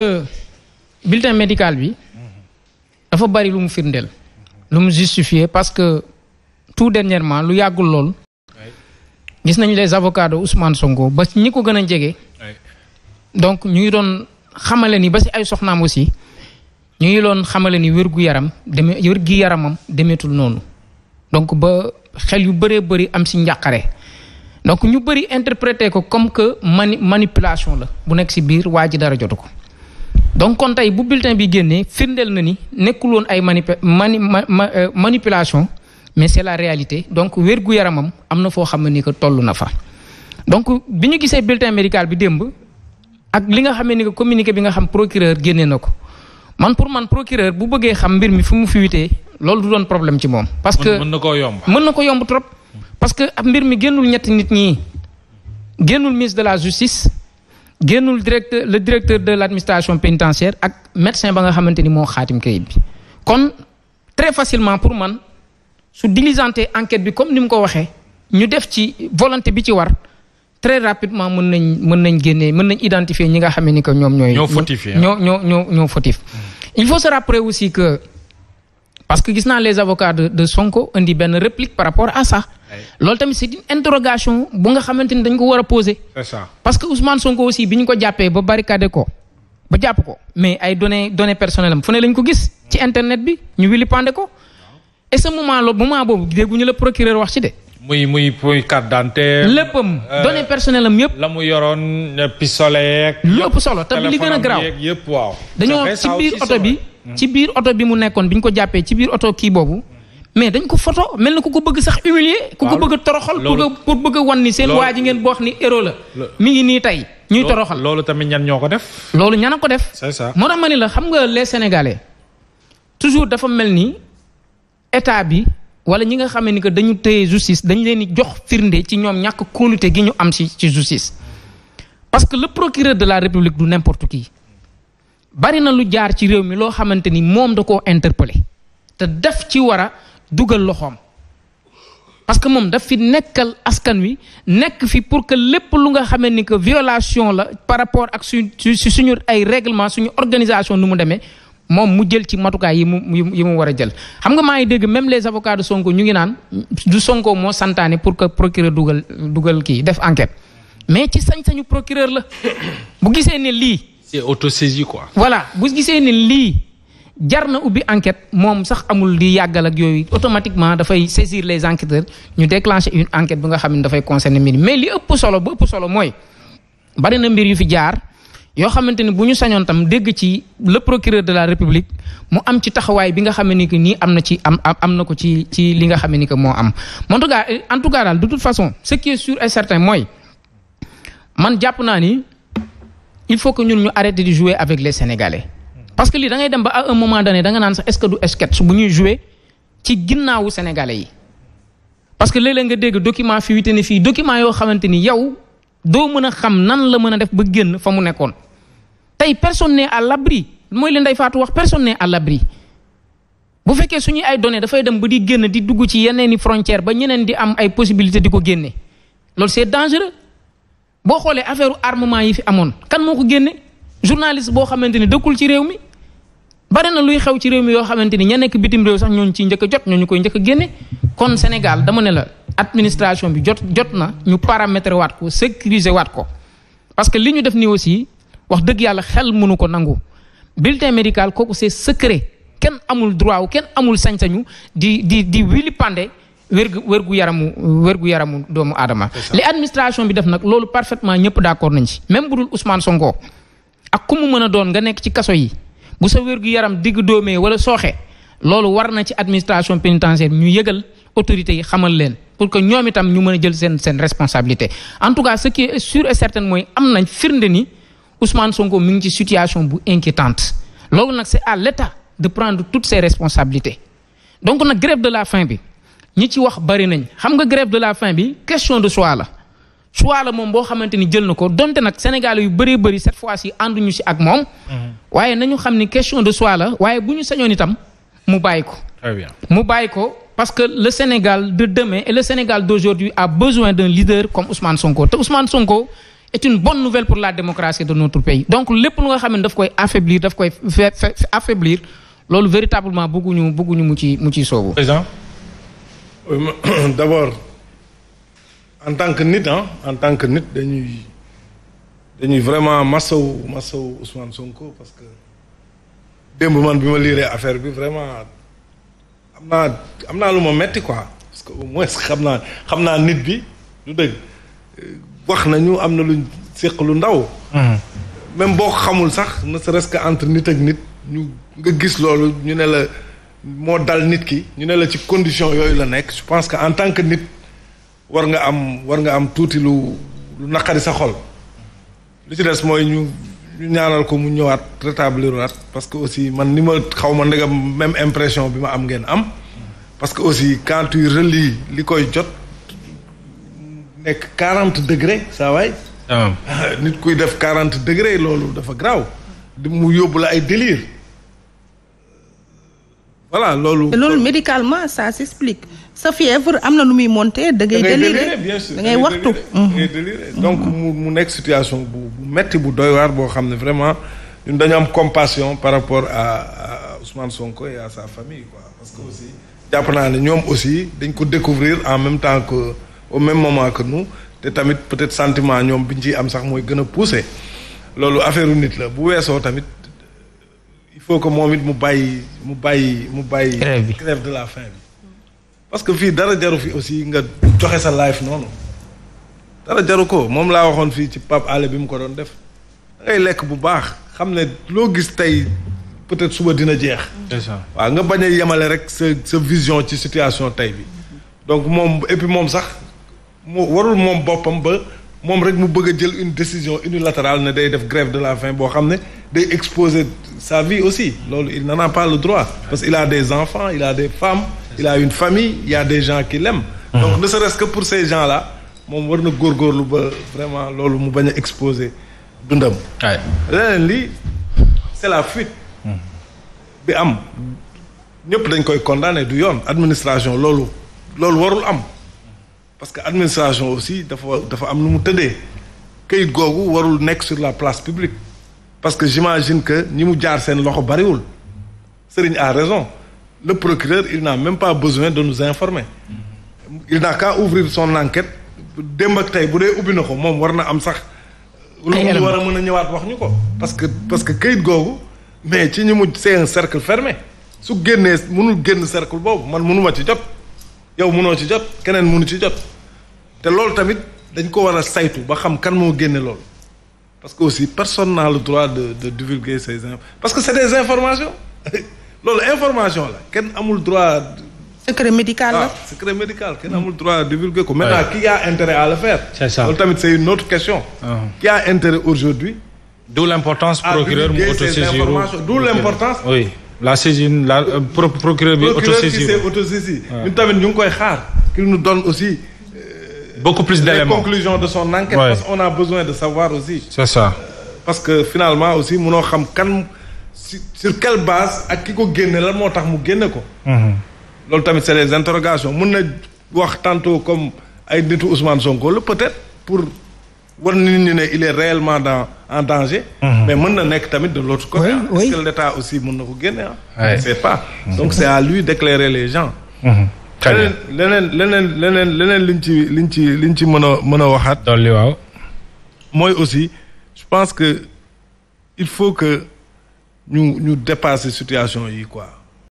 Euh, bulletin médical bi dafa bari lumu mu firndeel lu mu justifié parce que tout dernièrement lu yàggul lool gis nañ les avocats de Ousmane ba ñi ko gën a jege donc ñu ngi doon xamale ni ba si ay soxnaam aussi ñu ngi doon xamale ni wér yaram deme wér gu yaramam demeetul noonu donc ba xel yu bëree bëri am si njàqare donc ñu bëri interpréter ko comme que mani manipulation la bu nekk si biir waa ji dara jotu ko donc kon tey bu bulletin bi génnee firndeel na ni nekkul woon ay manipe mani euh, manipulation mais c'est la réalité donc wérgu yaramam am na foo xam ne ni que toll na fa. donc bi ñu gisee bulletin médical bi démb ak li nga xam ne ni que communiqué bi nga xam procureur génnee na ko man pour man procureur bu bëggee xam mbir mi fu mu fuitee loolu du doon problème ci moom. parce que mën na koo yomb mën na ko yomb trop. parce que mbir mi génnul ñetti nit ñi génnul ministre de la justice. génnul directeur le directeur de l' administration pénitentiaire ak médecin ba nga xamante ni moo xaatim kayit bi kon très facilement pour man su dilisante enquête bi comme ni mu ko waxee ñu def ci volonté bi ci war très rapidement mën nañ mën nañ génnee mën nañ identifier ñi nga xam ni que ñoom ñooy. ñoo fautif ñoo ñoo ñoo ñoo fautif. il faut se rappeler aussi que parce que gis naa les avocats de de Sonko indi benn réplique par rapport à ça. loolu tamit c'est une interrogation bu nga xamante ni dañ ko war a poser. c'est ça parce que Ousmane Sonko aussi bi ñu ko jàppee ba barricade ko ba jàpp ko mais ay données données personnelles am fu ne lañ ko gis. ci internet bi ñu wili pande ko. et ce moment là moment boobu dégguñu la procureur wax ci de. muy muy muy carte d'identité. léppam euh, données personnelles am yëpp. la mu yoroon euh, pistolet. lépp solo te li gën a garaaw yëpp waaw. dañoo ci biir oto bi. ci biir oto bi mu nekkoon bi ñu ko jàppee ci biir oto kii boobu. mais dañ ko photo mel na ku ko bëgg sax humilier ku ko bëgg a toroxal pour bëgg a wan ni seen waa ji ngeen boox ni héros la mi ngi nii tey ñuy toroxal loolu tamit ñan ñoo ko def loolu ñan a ko def c'est moo tax ma ni la xam nga les sénégalais toujours dafa mel ni état bi wala ñi nga xamee ni que dañu téye justice dañ leen di jox firnde ci ñoom ñàkk kóolute gi ñu am ci ci justice parce que le procureur de la république du n'importe qui bari na lu jaar ci réew mi loo xamante ni moom da koo interpellé dugal loxoom parce que moom daf fi nekkal askan wi nekk fi pour que lépp lu nga xame ni que violation la par rapport ak su su suñu ay règlement suñu organisation nu mu demee moom mu jël ci matukaay yi mu yi mu war a jël. xam nga maa ngi dégg même les avocats de Sonko ñu ngi naan du Sonko moo santaane pour que procureur dugal dugal kii def enquête mais ci sañ-sañu procureur la bu gisee ne lii. c'est autosaisie bu gisee ne lii. jar na ubbi enquête moom sax amul di yàggal yooyu automatiquement dafay saisir les enquêteurs ñu déclencher une enquête bi nga xam ne dafay concerner mbir mais li ëpp solo ba ëpp solo mooy bari na mbir yu fi jaar yoo xamante ni bu ñu sañoon tam dégg ci le procureur de la république mu am ci taxawaay bi nga xam ne ni que nii am na ci am am na ko ci ci li nga xam ne ni que moo am. en euh, en tout cas daal de toute façon ce qui est sûr et certain mooy man jàpp naa ni il faut que ñun ñu arrêter di jouer avec les parce que lii da dem ba à un moment donné da nga naan sax est-ce que du sketch bu ñuy jouer ci ginnaawu sénégalais yi parce que léeg nga dégg document fi wite ne fii document yoo xamante ni yow doo mën a xam nan la mën a def ba génn fa mu nekkoon tey personne n'est à l'abri mooy leen day faatu wax personne n'est à l'abri bu fekkee suñuy ay données dafay dem ba di génn di dugg ci yeneen i frontière ba ñeneen di am ay possibilité di ko génne loolu c'est dangereux boo xoolee affaire armement yi fi amoon kan moo ko génne journaliste boo xamante ni dëkkul ci réew mi bari na luy xew ci réew mi yoo xamante ni ña nekk bitim réew sax ñooñu ci njëkk a jot ñooñu koy njëkk a génne kon Sénégal dama ne la administration bi jot jot na ñu paramétrer waat ko sécuriser waat ko parce que li ñu def nii aussi wax dëgg yàlla xel mënu ko nangu bulletin médical kooku c'est secret kenn amul droit wu kenn amul sañ-sañu di di di wili pande wérgu wérgu yaramu wérgu yaramu doomu aadama li administration bi def nag loolu parfaitement ñëpp d'accord nañ ci même bu dul Ousmane Sonko ak ku mu mën a doon nga nekk ci kaso yi bu sa wér gu yaram digg doomee wala sooxee loolu war na ci administration pénitentiaire ñu yëgal autorités yi xamal leen pour que ñoom itam ñu mën a jël seen seen responsabilité en tout cas ce qui est sûr et certain mooy am nañ firnde ni Ousmane Sonko mi ngi ci situation bu inquiétante loolu nag c'est à l'État de prendre toutes ses responsabilités donc nag grève de la fin bi ñi ci wax bari nañ xam nga grève de la fin bi question de choix la choix la moom boo xamante ni jël na ko donte nag Sénégal yu bëree bëri cette fois ci ànduñu si ak moom. Mhm. waaye nañu xam ni question de choix la waaye bu ñu sañoon itam mu bàyyi ko. mu bàyyi ko parce que le Sénégal de deme et le Sénégal d'aujourd'hui a besoin d'un leader comme Ousmane Sonko te Ousmane Sonko est une bonne nouvelle pour la démocratie de notre pays. donc lépp lu nga xam ne daf koy affaiblir daf koy affaiblir loolu véritablement bëgguñu ñu mu ci mu ciy soobu. président. en tant que nit ah en tant que nit dañuy dañuy vraiment masawu masawu Ousmane Sonko parce que démb man bi ma liiree affaire bi vraiment am naa am naa lu ma metti quoi parce que au moins xam naa xam naa nit bi lu dëgg wax nañu am na lu séq lu ndaw. Hmm. même boo xamul sax ne serait-ce entre nit ak nit ñu nga gis loolu ñu ne la moo dal nit ki ñu ne la ci condition yooyu la nekk je pense que en tant que nit. war nga am war nga am tuuti lu lu naqari sa xol li ci des mooy ñu ñu ñaanal ko mu ñëwaat rétablir waat parce que aussi man ni ma xaw ma ndegam même impression bi ma am ngeen am parce que aussi quand tu relis li koy jot nekk quarante degré saa waay ah. nit kuy def quarante degré loolu dafa garaaw di mu yóbbu la ay délire voilà loolu. loolu médicalement ça s'explique sa fièvre am na lu muy monter da ngay. déliré bien da ngay waxtu. donc mu mu nekk situation bu metti bu doy waar boo xam ne vraiment ñun dañu am compassion par rapport à à Ousmane Sonko et à sa famille parce que aussi jàpp naa ne ñoom aussi dañ ko découvrir en même temps que au même moment que nu te tamit peut-être sentiment ñoom bi ñu ciy am sax mooy gën a poussé loolu affaire nit la bu weesoo tamit. il faut que moom it mu bàyyi mu bàyyi mu bàyyi. grève bi grève de la faim bi. parce que fii dara jaru fi aussi nga joxe sa life noonu dara jaru ko moom laa waxoon fii ci Pape Alé bi mu ko doon def da lekk bu baax xam ne loo gis tey peut-être suba dina jeex. waaw nga bañ a yemale rek sa sa vision ci situation tey bi donc moom et moom sax mu warul moom boppam ba moom rek mu bëgg a jël une décision unilatérale ne day def grève de la faim boo xam ne. day exposer sa vie aussi loolu il n'en a le droit parce qu'il a des enfants il a des femmes il a une famille il y des gens qui l'aiment donc ne serait-ce pour ces gens-là moom war na góor góorgóorlu ba vraiment loolu mu bañ a exposer dundam leneen lii c'est la fuite bi am ñëpp dañ koy condamner du yoon administration loolu loolu warul am parce que administration aussi dafa dafa am lu mu tëddee kayit googu warul nekk sur la place publique parce que j'imagine que ñi mu jaar seen loxo bariwul Serigne à raison le procureur il n'a même pas besoin de nous informer il n'a qu'à ouvrir son enquête démb ak tey bu dee ubbi na ko moom war na am sax lu war a mën a ñëwaat wax ñu ko parce que parce que kayit googu mais ci ñi mu seen un cercle fermé su génnee mënul génn cercle boobu man mënuma ci jot yow mënoo ci jot keneen mënu ci jot te loolu tamit dañ ko war a saytu ba xam kan moo génne loolu parce que aussi personne n'a le droit de de divulguer parce que c'est information informations loolu information la kenn amul droit. secret médical la ah, secret médical kenn hmm. amul droit divulguer ko. maintenant qui a intérêt à le faire. c'est ça loolu tamit question. Ah. qui a intérêt aujourd'hui d'où l'importance procureur mu autosaisir d'où l'importance oui la saisine la euh, procureur bi autosaisir procureur qui s'est ñu ngi koy xaar qu'il nous donne aussi. beaucoup plus d'éléments. les conclusions de son enquête. Ouais. parce qu'on a parce que finalement aussi munoo xam kan sur quelle base ak ki ko génne lan moo tax mu génne ko. Mhm. loolu tamit c'est des interrogations mun na wax tantôt comme ay nitu Ousmane Sonko la peut-être pour war nit ñi ne il est réellement dans en danger. Mhm. mais mën na nekk tamit de l'autre côté. oui oui parce aussi mun na ko génne ah. c'est pas. donc c'est à lui d'éclairer les gens. Mhm. très leneen leneen leneen leneen liñ ci liñ ci liñ ci mën a mën a waxaat. waaw. mooy aussi je pense que il faut que ñu ñu dépasser situation yi quoi.